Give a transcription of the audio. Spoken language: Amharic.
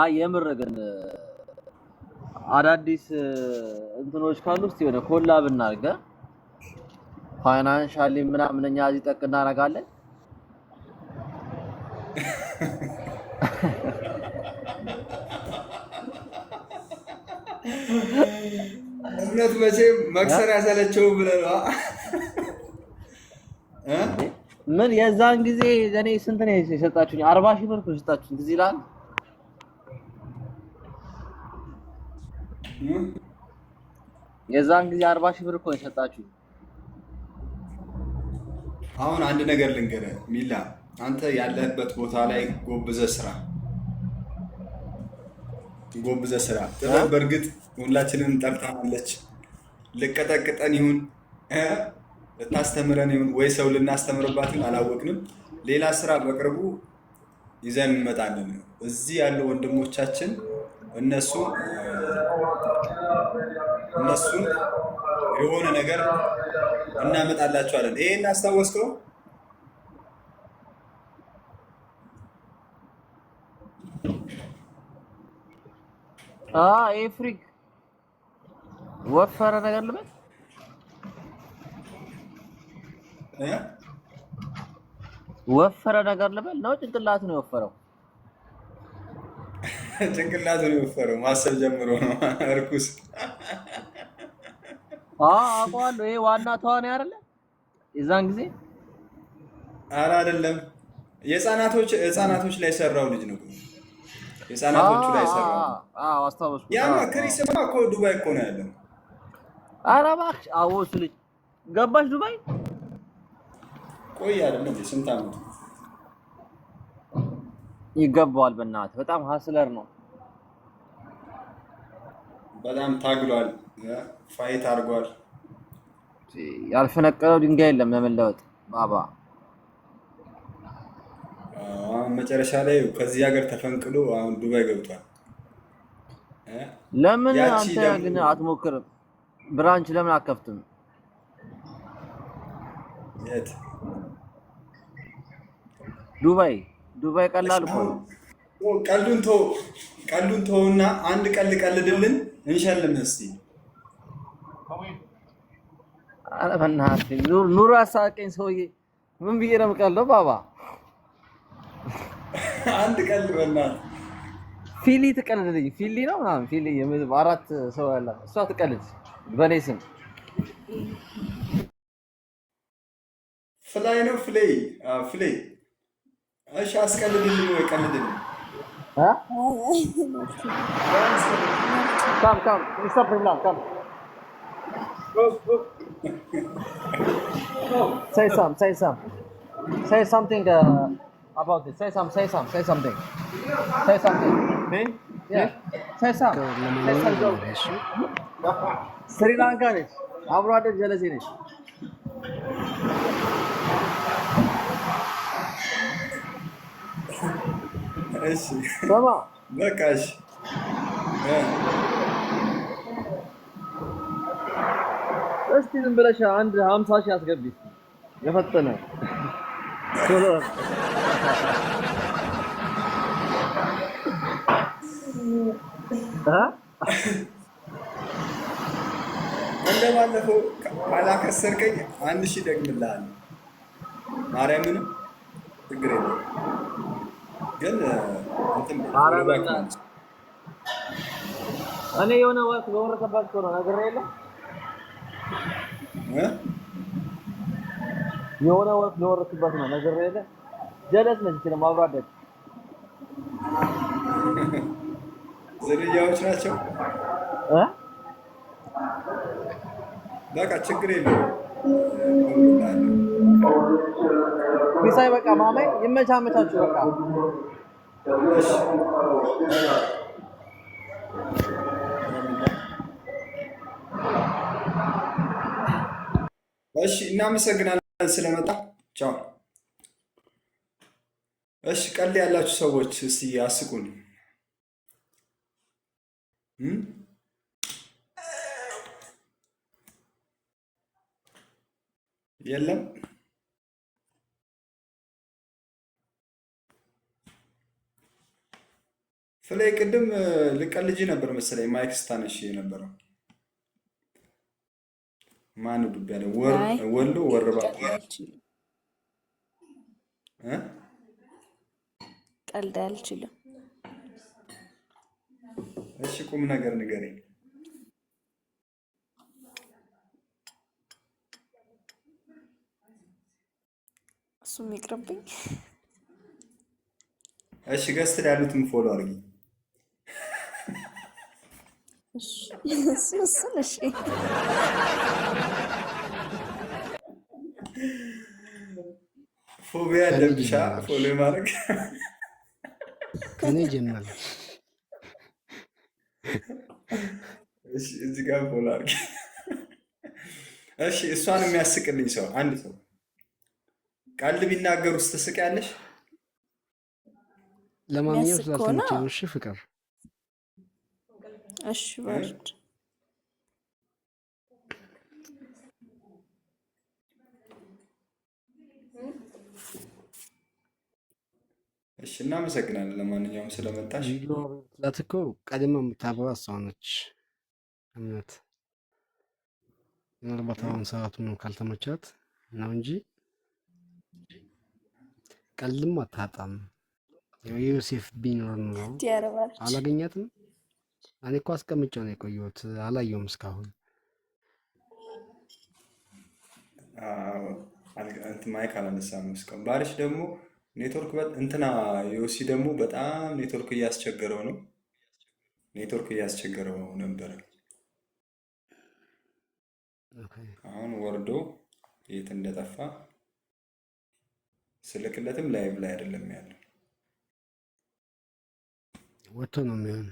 አይ የምር ግን አዳዲስ እንትኖች ካሉ እስቲ የሆነ ኮላብ እናድርግ። ፋይናንሻሊ ምናምን እኛ እዚህ ጠቅ እናደርጋለን። እምነት መቼም መክሰር ያሰለቸው ብለህ ነው ምን የዛን ጊዜ እኔ ስንት ነው የሰጣችሁኝ? አርባ ሺህ ብር የሰጣችሁኝ ጊዜ ላል የዛን ጊዜ አርባ ሺህ ብር እኮ ነው የሰጣችሁኝ። አሁን አንድ ነገር ልንገረ ሚላ፣ አንተ ያለህበት ቦታ ላይ ጎብዘ ስራ፣ ጎብዘ ስራ። ጥበብ በእርግጥ ሁላችንን ጠርታናለች። ልቀጠቅጠን ይሁን ልታስተምረን ይሁን ወይ ሰው ልናስተምርባትን አላወቅንም። ሌላ ስራ በቅርቡ ይዘን እንመጣለን። እዚህ ያሉ ወንድሞቻችን እነሱ እነሱን የሆነ ነገር እናመጣላቸዋለን። ይሄን አስታወስከው? አዎ ወፈረ ነገር ልበል ወፈረ ነገር ልበል ነው? ጭንቅላቱ ነው የወፈረው። ጭንቅላቱ ነው የወፈረው። ማሰብ ጀምሮ ነው እርኩስ። አውቀዋለሁ። ይሄ ዋና ተዋናይ አይደለ? የዛን ጊዜ አረ አይደለም። የህፃናቶች ህፃናቶች ላይ ሰራው ልጅ ነው። ህፃናቶቹ ላይ ሰራው። አዎ አስታወስኩ። ያማ ክሪስማ እኮ ዱባይ እኮ ነው ያለው። አረ እባክሽ። አዎ እሱ ልጅ ገባሽ ዱባይ ቆይ አይደለም እንዴ? ስንት ይገባዋል። በእናትህ በጣም ሀስለር ነው። በጣም ታግሏል፣ ፋይት አድርጓል። ያልፈነቀለው ድንጋይ የለም ለመለወጥ ባባ መጨረሻ ላይ ከዚህ ሀገር ተፈንቅሎ አሁን ዱባይ ገብቷል። ለምን አንተ ግን አትሞክርም? ብራንች ለምን አከፍትም? የት ዱባይ ዱባይ ቀላል እኮ ቀልዱን ተው ቀልዱን ተውና አንድ ቀልድ ቀልድልን እንሸልም እስቲ ኧረ በእናትህ ኑሮ አሳቀኝ ሰውዬ ምን ብዬ ነው የምቀልደው ባባ አንድ ቀልድ በእናትህ ፊሊ ትቀልድልኝ ፊሊ ነው ምናምን ፊሊ አራት ሰው ያላት እሷ ትቀልድ በእኔ ስም ፍላይ ነው ፍላይ ፍላይ። እሺ አስቀልድልኝ ወይ ቀልድልኝ። ስሪላንካ ነች፣ አብሮ አደግ ጀለሴ ነች። እሺ ሰማ በቃ እሺ እስቲ ዝም ብለሽ አንድ ሀምሳ ሺህ አስገቢ የፈጠነ እንደባለፈው ካላከሰርከኝ አንድ ሺህ ደግምልሃለሁ። ማርያምንም ችግር የለም። ግን እኔ የሆነ ወቅት በወረሰባቸው ነው ነገር የለ የሆነ ወቅት ለወረስበት ነው ነገር የለ ጀለስ ነች ችለ ማብራደት ዝርያዎች ናቸው በቃ ችግር የለ ሲሳይ በቃ ማማይ ይመቻመቻችሁ። በቃ እሺ፣ እናመሰግናለን ስለመጣ። ቻው። እሺ፣ ቀልድ ያላችሁ ሰዎች እስቲ አስቁን። የለም በላይ ቅድም ልቀልጅ ነበር መሰለኝ። ማይክ ስታነሽ የነበረው ማን ዱብ ያለ ወሎ ወርባ ቀልድ አልችልም። እሺ ቁም ነገር ንገረኝ። እሱም ይቅርብኝ። እሺ ገስት ያሉትን ፎሎ አድርጊ። እሱን እሺ ፎቢያ ለብቻ ፎሎ ማድረግ ከኔ ጀመረ። እዚህ ጋር ፎሎ አድርግ። እሺ እሷን የሚያስቅልኝ ሰው አንድ ሰው ቀልድ ቢናገር ውስጥ ትስቅ ያለሽ ለማንኛውም ስላሰነቸው እሺ ፍቅር እሺ ወርድ እሺ እናመሰግናለን። ለማንኛውም ስለመጣሽ ላት እኮ ቀድሞ የምታበባ እሷ ነች። እምነት ምናልባት አሁን ካልተመቻት ነው እንጂ ቀልም አታጣም። ዮሴፍ ቢኖር ነው አላገኛትም። እኔ እኮ አስቀምጬው ነው የቆየሁት፣ አላየሁም እስካሁን። ማይክ አላነሳም እስካሁን። ባሪሽ ደግሞ ኔትወርክ እንትና ዮሲ ደግሞ በጣም ኔትወርክ እያስቸገረው ነው። ኔትወርክ እያስቸገረው ነበረ። አሁን ወርዶ የት እንደጠፋ ስልክለትም ላይቭ ላይ አይደለም ያለው ወጥቶ ነው የሚሆን